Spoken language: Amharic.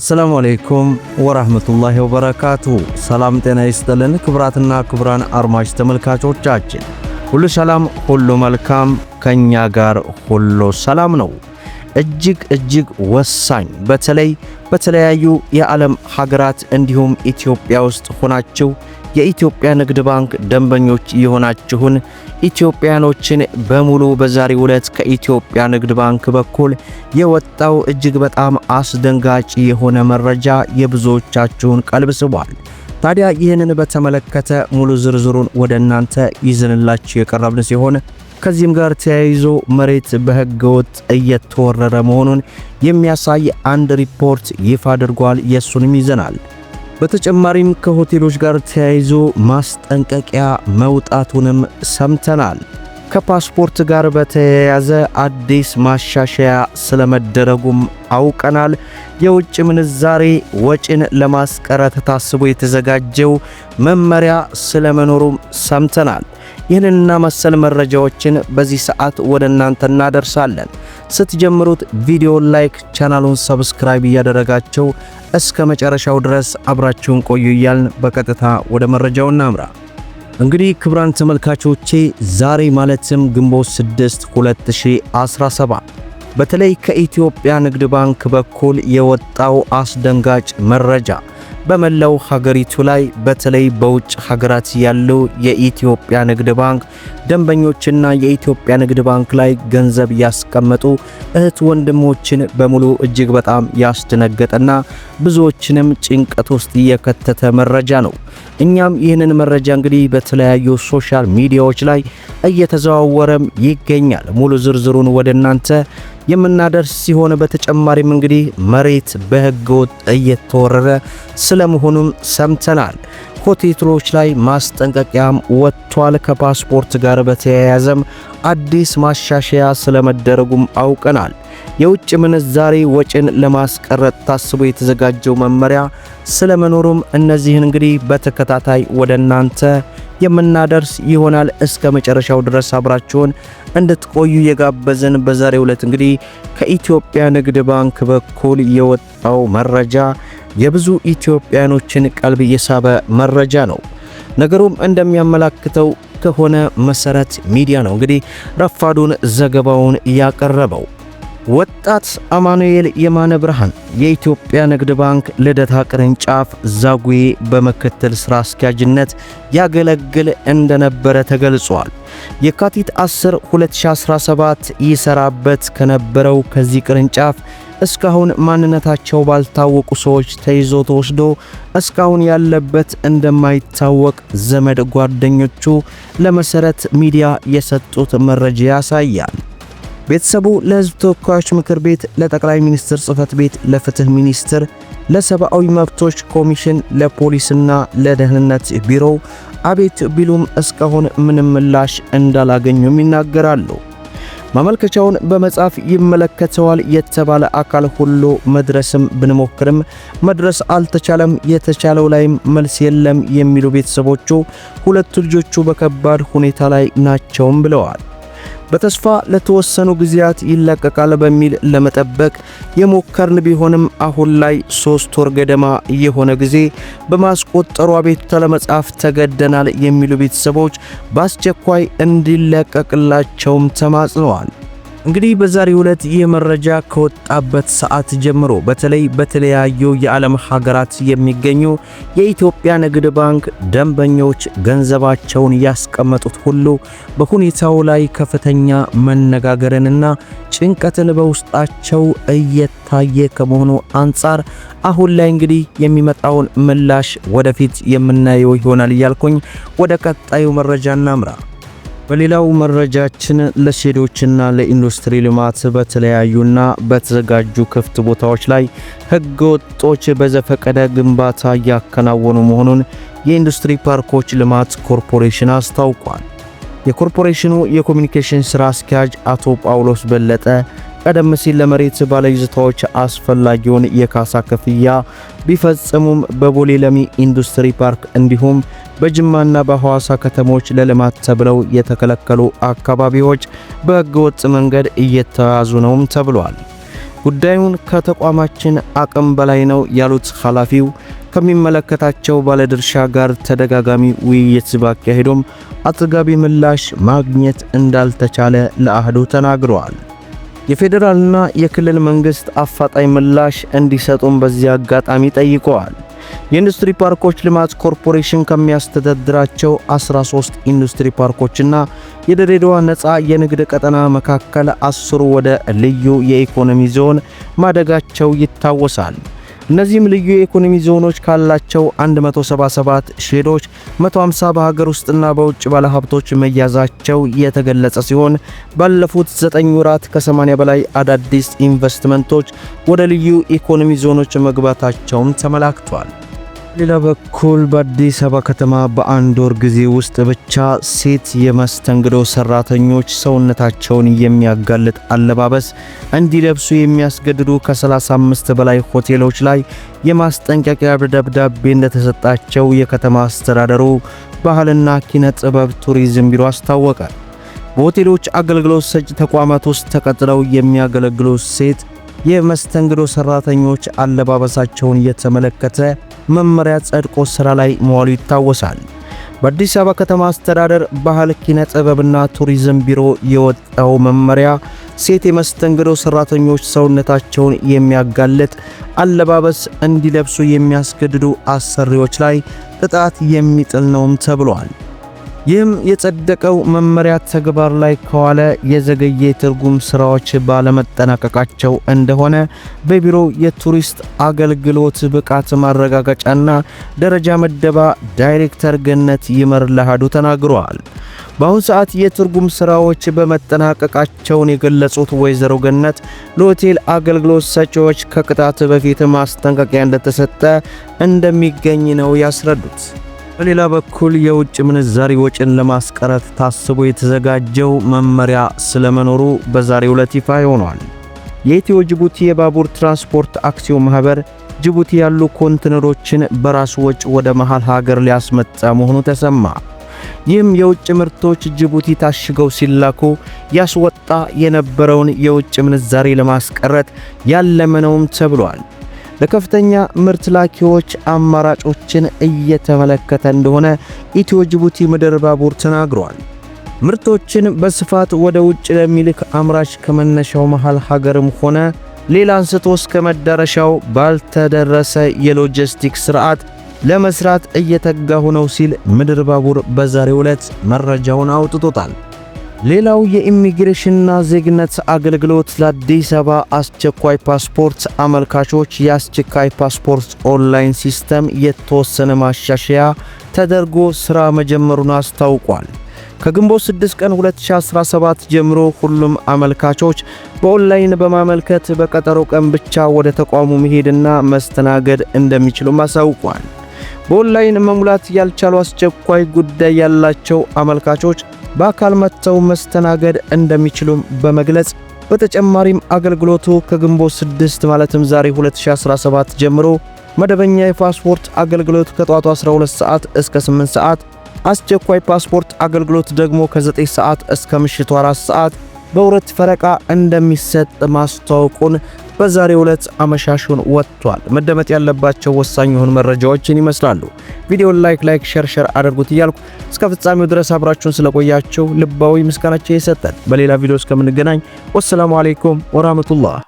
አሰላሙ አሌይኩም ወረህመቱላሂ ወበረካቱ። ሰላም ጤና ይስጥልን። ክብራትና ክብራን አድማጭ ተመልካቾቻችን ሁሉ ሰላም፣ ሁሉ መልካም፣ ከእኛ ጋር ሁሉ ሰላም ነው። እጅግ እጅግ ወሳኝ በተለይ በተለያዩ የዓለም ሀገራት እንዲሁም ኢትዮጵያ ውስጥ ሆናችሁ የኢትዮጵያ ንግድ ባንክ ደንበኞች የሆናችሁን ኢትዮጵያኖችን በሙሉ በዛሬ ዕለት ከኢትዮጵያ ንግድ ባንክ በኩል የወጣው እጅግ በጣም አስደንጋጭ የሆነ መረጃ የብዙዎቻችሁን ቀልብ ስቧል። ታዲያ ይህንን በተመለከተ ሙሉ ዝርዝሩን ወደ እናንተ ይዘንላችሁ የቀረብን ሲሆን ከዚህም ጋር ተያይዞ መሬት ወጥ እየተወረረ መሆኑን የሚያሳይ አንድ ሪፖርት ይፋ አድርጓል። የሱንም ይዘናል። በተጨማሪም ከሆቴሎች ጋር ተያይዞ ማስጠንቀቂያ መውጣቱንም ሰምተናል። ከፓስፖርት ጋር በተያያዘ አዲስ ማሻሻያ ስለመደረጉም አውቀናል። የውጭ ምንዛሬ ወጪን ለማስቀረት ታስቦ የተዘጋጀው መመሪያ ስለመኖሩም ሰምተናል። ይህንና መሰል መረጃዎችን በዚህ ሰዓት ወደ እናንተ እናደርሳለን። ስትጀምሩት ቪዲዮን ላይክ፣ ቻናሉን ሰብስክራይብ እያደረጋቸው እስከ መጨረሻው ድረስ አብራችሁን ቆዩ እያልን በቀጥታ ወደ መረጃው እናምራ። እንግዲህ ክብራን ተመልካቾቼ ዛሬ ማለትም ግንቦት 6 2017 በተለይ ከኢትዮጵያ ንግድ ባንክ በኩል የወጣው አስደንጋጭ መረጃ በመላው ሀገሪቱ ላይ በተለይ በውጭ ሀገራት ያለው የኢትዮጵያ ንግድ ባንክ ደንበኞችና የኢትዮጵያ ንግድ ባንክ ላይ ገንዘብ ያስቀመጡ እህት ወንድሞችን በሙሉ እጅግ በጣም ያስደነገጠና ብዙዎችንም ጭንቀት ውስጥ የከተተ መረጃ ነው። እኛም ይህንን መረጃ እንግዲህ በተለያዩ ሶሻል ሚዲያዎች ላይ እየተዘዋወረም ይገኛል። ሙሉ ዝርዝሩን ወደ እናንተ የምናደርስ ሲሆን በተጨማሪም እንግዲህ መሬት በህገወጥ እየተወረረ ስለመሆኑም ሰምተናል። ሆቴሎች ላይ ማስጠንቀቂያም ወጥቷል። ከፓስፖርት ጋር በተያያዘም አዲስ ማሻሻያ ስለመደረጉም አውቀናል። የውጭ ምንዛሬ ወጪን ለማስቀረጥ ታስቦ የተዘጋጀው መመሪያ ስለመኖሩም እነዚህን እንግዲህ በተከታታይ ወደ እናንተ የምናደርስ ይሆናል። እስከ መጨረሻው ድረስ አብራችሁን እንድትቆዩ የጋበዝን። በዛሬው ዕለት እንግዲህ ከኢትዮጵያ ንግድ ባንክ በኩል የወጣው መረጃ የብዙ ኢትዮጵያኖችን ቀልብ የሳበ መረጃ ነው። ነገሩም እንደሚያመላክተው ከሆነ መሰረት ሚዲያ ነው እንግዲህ ረፋዱን ዘገባውን ያቀረበው። ወጣት አማኑኤል የማነ ብርሃን የኢትዮጵያ ንግድ ባንክ ልደታ ቅርንጫፍ ዛጉዌ በምክትል ሥራ አስኪያጅነት ያገለግል እንደነበረ ተገልጿል። የካቲት 10 2017 ይሰራበት ከነበረው ከዚህ ቅርንጫፍ እስካሁን ማንነታቸው ባልታወቁ ሰዎች ተይዞ ተወስዶ እስካሁን ያለበት እንደማይታወቅ ዘመድ ጓደኞቹ ለመሠረት ሚዲያ የሰጡት መረጃ ያሳያል። ቤተሰቡ ለህዝብ ተወካዮች ምክር ቤት፣ ለጠቅላይ ሚኒስትር ጽህፈት ቤት፣ ለፍትህ ሚኒስትር፣ ለሰብአዊ መብቶች ኮሚሽን፣ ለፖሊስና ለደህንነት ቢሮ አቤት ቢሉም እስካሁን ምንም ምላሽ እንዳላገኙም ይናገራሉ። ማመልከቻውን በመጻፍ ይመለከተዋል የተባለ አካል ሁሉ መድረስም ብንሞክርም መድረስ አልተቻለም፣ የተቻለው ላይም መልስ የለም የሚሉ ቤተሰቦቹ ሁለቱ ልጆቹ በከባድ ሁኔታ ላይ ናቸውም ብለዋል። በተስፋ ለተወሰኑ ጊዜያት ይለቀቃል በሚል ለመጠበቅ የሞከርን ቢሆንም አሁን ላይ ሶስት ወር ገደማ የሆነ ጊዜ በማስቆጠሩ አቤቱታ ለመጻፍ ተገደናል የሚሉ ቤተሰቦች በአስቸኳይ እንዲለቀቅላቸውም ተማጽነዋል። እንግዲህ በዛሬው ዕለት ይህ መረጃ ከወጣበት ሰዓት ጀምሮ በተለይ በተለያዩ የዓለም ሀገራት የሚገኙ የኢትዮጵያ ንግድ ባንክ ደንበኞች ገንዘባቸውን ያስቀመጡት ሁሉ በሁኔታው ላይ ከፍተኛ መነጋገርንና ጭንቀትን በውስጣቸው እየታየ ከመሆኑ አንጻር አሁን ላይ እንግዲህ የሚመጣውን ምላሽ ወደፊት የምናየው ይሆናል እያልኩኝ ወደ ቀጣዩ መረጃ እናምራ። በሌላው መረጃችን ለሼዶችና ለኢንዱስትሪ ልማት በተለያዩና በተዘጋጁ ክፍት ቦታዎች ላይ ህገ ወጦች በዘፈቀደ ግንባታ እያከናወኑ መሆኑን የኢንዱስትሪ ፓርኮች ልማት ኮርፖሬሽን አስታውቋል። የኮርፖሬሽኑ የኮሚኒኬሽን ሥራ አስኪያጅ አቶ ጳውሎስ በለጠ ቀደም ሲል ለመሬት ባለይዞታዎች አስፈላጊውን የካሳ ክፍያ ቢፈጽሙም በቦሌ ለሚ ኢንዱስትሪ ፓርክ እንዲሁም በጅማና በሐዋሳ ከተሞች ለልማት ተብለው የተከለከሉ አካባቢዎች በህገወጥ መንገድ እየተያዙ ነውም ተብሏል። ጉዳዩን ከተቋማችን አቅም በላይ ነው ያሉት ኃላፊው ከሚመለከታቸው ባለድርሻ ጋር ተደጋጋሚ ውይይት ባካሄዱም አጥጋቢ ምላሽ ማግኘት እንዳልተቻለ ለአህዱ ተናግረዋል። የፌዴራልና የክልል መንግስት አፋጣኝ ምላሽ እንዲሰጡን በዚህ አጋጣሚ ጠይቀዋል። የኢንዱስትሪ ፓርኮች ልማት ኮርፖሬሽን ከሚያስተዳድራቸው 13 ኢንዱስትሪ ፓርኮችና የድሬዳዋ ነፃ የንግድ ቀጠና መካከል አስሩ ወደ ልዩ የኢኮኖሚ ዞን ማደጋቸው ይታወሳል። እነዚህም ልዩ የኢኮኖሚ ዞኖች ካላቸው 177 ሼዶች 150 በሀገር ውስጥና በውጭ ባለሀብቶች መያዛቸው የተገለጸ ሲሆን ባለፉት 9 ወራት ከ80 በላይ አዳዲስ ኢንቨስትመንቶች ወደ ልዩ ኢኮኖሚ ዞኖች መግባታቸውም ተመላክቷል። በሌላ በኩል በአዲስ አበባ ከተማ በአንድ ወር ጊዜ ውስጥ ብቻ ሴት የመስተንግዶ ሰራተኞች ሰውነታቸውን የሚያጋልጥ አለባበስ እንዲለብሱ የሚያስገድዱ ከ35 በላይ ሆቴሎች ላይ የማስጠንቀቂያ ደብዳቤ እንደተሰጣቸው የከተማ አስተዳደሩ ባህልና ኪነ ጥበብ ቱሪዝም ቢሮ አስታወቀ። በሆቴሎች አገልግሎት ሰጪ ተቋማት ውስጥ ተቀጥለው የሚያገለግሉ ሴት የመስተንግዶ ሰራተኞች አለባበሳቸውን እየተመለከተ መመሪያ ጸድቆ ስራ ላይ መዋሉ ይታወሳል። በአዲስ አበባ ከተማ አስተዳደር ባህል ኪነ ጥበብና ቱሪዝም ቢሮ የወጣው መመሪያ ሴት የመስተንግዶ ሰራተኞች ሰውነታቸውን የሚያጋልጥ አለባበስ እንዲለብሱ የሚያስገድዱ አሰሪዎች ላይ ቅጣት የሚጥል ነውም ተብሏል። ይህም የጸደቀው መመሪያ ተግባር ላይ ከዋለ የዘገየ ትርጉም ስራዎች ባለመጠናቀቃቸው እንደሆነ በቢሮ የቱሪስት አገልግሎት ብቃት ማረጋገጫና ደረጃ መደባ ዳይሬክተር ገነት ይመር ለሃዱ ተናግረዋል። በአሁኑ ሰዓት የትርጉም ስራዎች በመጠናቀቃቸውን የገለጹት ወይዘሮ ገነት ለሆቴል አገልግሎት ሰጪዎች ከቅጣት በፊት ማስጠንቀቂያ እንደተሰጠ እንደሚገኝ ነው ያስረዱት። በሌላ በኩል የውጭ ምንዛሪ ወጪን ለማስቀረት ታስቦ የተዘጋጀው መመሪያ ስለመኖሩ በዛሬው ዕለት ይፋ ሆኗል። የኢትዮ ጅቡቲ የባቡር ትራንስፖርት አክሲዮን ማህበር ጅቡቲ ያሉ ኮንቴነሮችን በራሱ ወጪ ወደ መሃል ሀገር ሊያስመጣ መሆኑ ተሰማ። ይህም የውጭ ምርቶች ጅቡቲ ታሽገው ሲላኩ ያስወጣ የነበረውን የውጭ ምንዛሬ ለማስቀረት ያለመነውም ተብሏል። ለከፍተኛ ምርት ላኪዎች አማራጮችን እየተመለከተ እንደሆነ ኢትዮ ጅቡቲ ምድር ባቡር ተናግሯል። ምርቶችን በስፋት ወደ ውጭ ለሚልክ አምራች ከመነሻው መሃል ሀገርም ሆነ ሌላ አንስቶ እስከ መዳረሻው ባልተደረሰ የሎጂስቲክስ ስርዓት ለመስራት እየተጋሁ ነው ሲል ምድር ባቡር በዛሬው ዕለት መረጃውን አውጥቶታል። ሌላው የኢሚግሬሽንና ዜግነት አገልግሎት ለአዲስ አበባ አስቸኳይ ፓስፖርት አመልካቾች የአስቸኳይ ፓስፖርት ኦንላይን ሲስተም የተወሰነ ማሻሻያ ተደርጎ ሥራ መጀመሩን አስታውቋል። ከግንቦት 6 ቀን 2017 ጀምሮ ሁሉም አመልካቾች በኦንላይን በማመልከት በቀጠሮ ቀን ብቻ ወደ ተቋሙ መሄድና መስተናገድ እንደሚችሉም አሳውቋል። በኦንላይን መሙላት ያልቻሉ አስቸኳይ ጉዳይ ያላቸው አመልካቾች በአካል መጥተው መስተናገድ እንደሚችሉም በመግለጽ በተጨማሪም አገልግሎቱ ከግንቦት 6 ማለትም ዛሬ 2017 ጀምሮ መደበኛ የፓስፖርት አገልግሎት ከጠዋቱ 12 ሰዓት እስከ 8 ሰዓት፣ አስቸኳይ ፓስፖርት አገልግሎት ደግሞ ከ9 ሰዓት እስከ ምሽቱ 4 ሰዓት በሁለት ፈረቃ እንደሚሰጥ ማስታወቁን በዛሬ ዕለት አመሻሹን ወጥቷል። መደመጥ ያለባቸው ወሳኝ የሆኑ መረጃዎችን ይመስላሉ። ቪዲዮን ላይክ ላይክ ሼር ሼር አድርጉት እያልኩ እስከ ፍጻሜው ድረስ አብራችሁን ስለቆያችሁ ልባዊ ምስጋናችን የሰጠን። በሌላ ቪዲዮ እስከምንገናኝ ወሰላሙ አሌይኩም ወራህመቱላህ